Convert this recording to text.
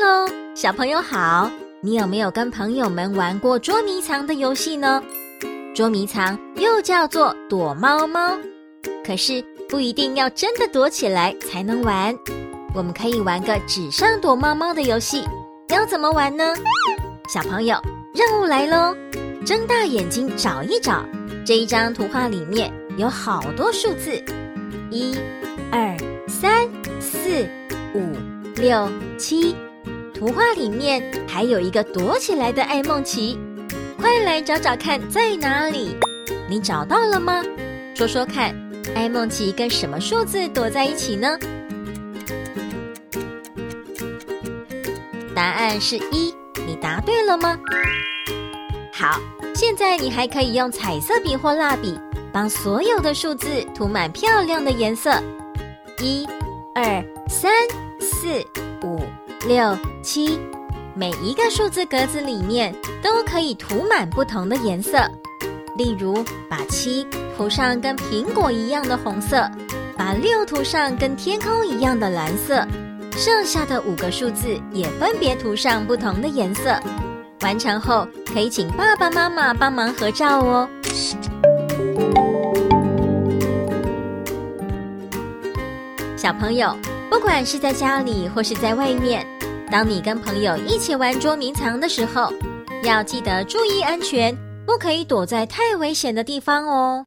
哈嘍，小朋友好！你有沒有跟朋友們玩過捉迷藏的遊戲呢？捉迷藏又叫做躲貓貓，可是不一定要真的躲起來才能玩。我們可以玩個紙上躲貓貓的遊戲，要怎麼玩呢？小朋友，任務來嘍！睜大眼睛找一找，這一張圖畫裡面有好多數字，一、二、三、四、五、六、七。圖畫裡面還有一個躲起來的愛孟奇，快來找找看在哪裡？你找到了嗎？說說看，愛孟奇跟什麼數字躲在一起呢？答案是一，你答對了嗎？好，現在你還可以用彩色筆或蠟筆，幫所有的數字塗滿漂亮的顏色。一、二、三、四、五。六七，每一個數字格子裡面都可以塗滿不同的顏色。例如，把七塗上跟蘋果一樣的紅色，把六塗上跟天空一樣的藍色，剩下的五個數字也分別塗上不同的顏色。完成後，可以請爸爸媽媽幫忙合照哦，小朋友。不管是在家裡或是在外面，當你跟朋友一起玩捉迷藏的時候，要記得注意安全，不可以躲在太危險的地方哦。